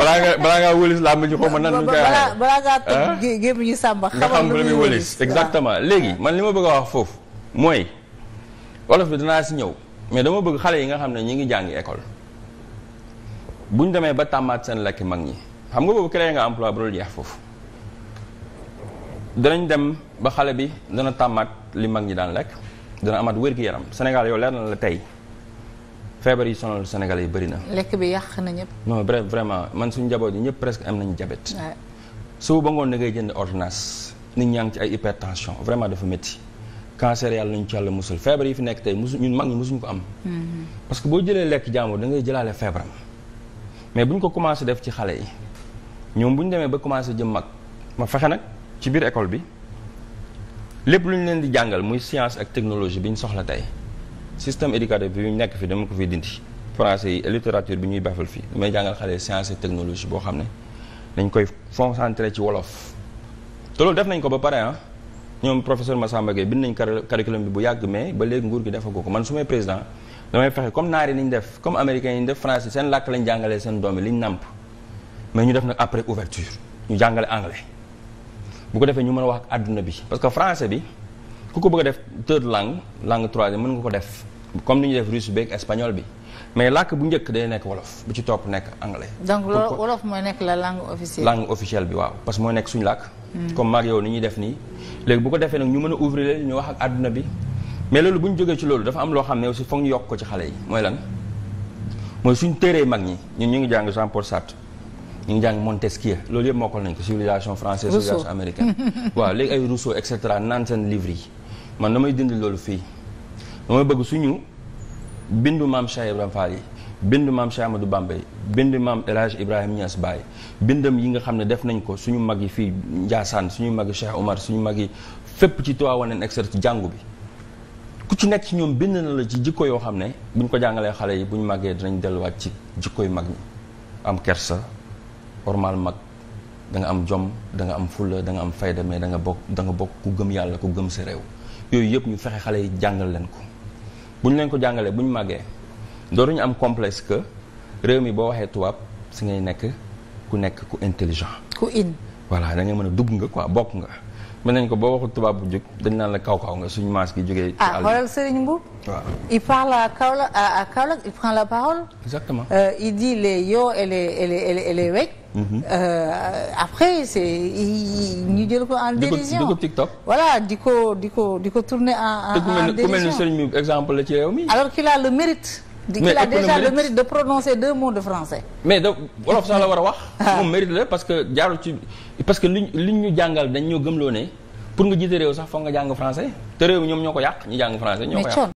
balaa nga balaa ngaa wëlis laa mujj xaw ma nan. balaa balaa ngaa ah? sàmba. nga exactement ah. léegi man li ma bëgg a wax foofu. mooy wolof bi danaa si ñëw mais dama bëgg xale yi nga xam ne ñu ngi jàngi école bu ñu demee ba tàmmaat seen lakki mag ñi xam nga boobu créé nga emploi bu dul jeex foofu. danañ dem ba xale bi dana tàmmaat li mag ñi daan lekk dana amaat wér-gu-yaram Sénégal yow leer na la tey. feebar yi sonal Sénégalais yi bëri na. lekk bi yàq na ñëpp. non bref vraiment man suñu njaboot yi ñëpp presque am nañu diabète. su ba ngoon da ngay jënd ordonnance nit ñaa ngi ci ay hypertension vraiment dafa métti. cancer yàlla nañu ci yàlla musul feebar yi fi nekk tey mus ñu mag ñi musuñu ko am. Mm-hmm. parce que boo jëlee lekk jàmbur da ngay jëlaale feebaram. mais bu ñu ko commencé def ci xale yi ñoom bu ñu demee ba commencé jëm mag ma fexe nag ci biir école bi lépp lu ñu leen di jàngal muy science ak technologie bi ñu soxla tey. système éducatif bi ñu nekk fii dama ko fiy dindi français yi littérature bi ñuy bafal fii damay jàngal xale science et technologie boo xam ne dañ koy concentré ci wolof te loolu def nañ ko ba pare ah ñoom professeur Massamba Gueye bind nañ curriculum bi bu yàgg mais ba léegi nguur gi defa ko ko man su may président damay fexe comme naar yi ni ñu def comme américain yi ñu def français seen làkk lañ jàngalee seen doom yi liñ nàmp mais ñu def nag après ouverture ñu jàngale anglais bu ko defee ñu mën a wax ak àdduna bi parce que français bi ku ko bëgg a def third langue langue mën nga ko def comme ni ñu def russe beeg espagnol bi mais làkk bu njëkk day nekk wolof bu ci topp nekk anglais. donc loolu wolof mooy nekk la langue officielle. langue officielle bi waaw parce que mooy nekk suñu làkk. Hmm. comme mag yow ni ñu def nii. léegi bu ko defee nag ñu mën a ouvrir ñu wax ak àdduna bi mais loolu bu ñu jógee ci loolu dafa am loo xam ne aussi foog ñu yokk ko ci xale yi mooy lan mooy suñu téeree mag ñi ñun ñu ngi jàng Jean Paul Sartre ñu ngi jàng Montesquieu loolu yëpp mokkal nañ ko civilisation française civilisation américaine waaw léegi ay Rousseau et cetera naan seen livre yi man damay loolu fii dama bëgg suñu bindu maam Cheikh Ibrahima Fall yi bindu maam Cheikh Amadou Bamba yi bindu maam El Hadj Ibrahima Niass Baye bindam yi nga xam ne def nañ ko suñu mag yi fii Ndiassane suñu mag yi Cheikh Omar suñu mag yi fépp ci Tivaouane exer ci jàngu bi ku ci nekk ci ñoom bind na la ci jikko yoo xam ne buñ ko jàngalee xale yi bu ñu màggee dinañ delluwaat ci jikko yu mag ñi am kersa normal mag danga am jom da nga am fulla da nga am fayda mais da nga bokk da nga bokk ku gëm yàlla ku gëm sa réew yooyu yëpp ñu fexe xale yi jàngal leen ko bu ñu leen ko jàngalee bu ñu màggee dooruñu am complexe que réew mi boo waxee tubaab si ngay nekk ku nekk ku intelligent. ku in. voilà da ngay mën a dugg nga ko bokk nga. mën nañ ko boo waxul tubaab bu jóg dañ naan la kaw kaw nga suñu maas gi jógee. ah xoolal Serigne Mboup. waaw il parle à Kaolack à Kaolack il prend la parole. exactement. Euh, il dit les yo et les et les Euh, après c' est ñu jël ko en dérision di ko TikTok. voilà di ko di ko di ko tourner en en dérision ku mel ni sëñ mi exemple la ci yow mi alors qu'il a le mérite. mais il a de prononcer deux mots de français. mais da wolof sax la war a wax. Ah. moom mérite la parce que jaaro ci parce que liñ li ñu jàngal dañ ñoo gëmloo ne pour nga jiite réew sax foog nga jàng français te réew ñoom ñoo ko yàq ñu jàng français. ñoo ko yàq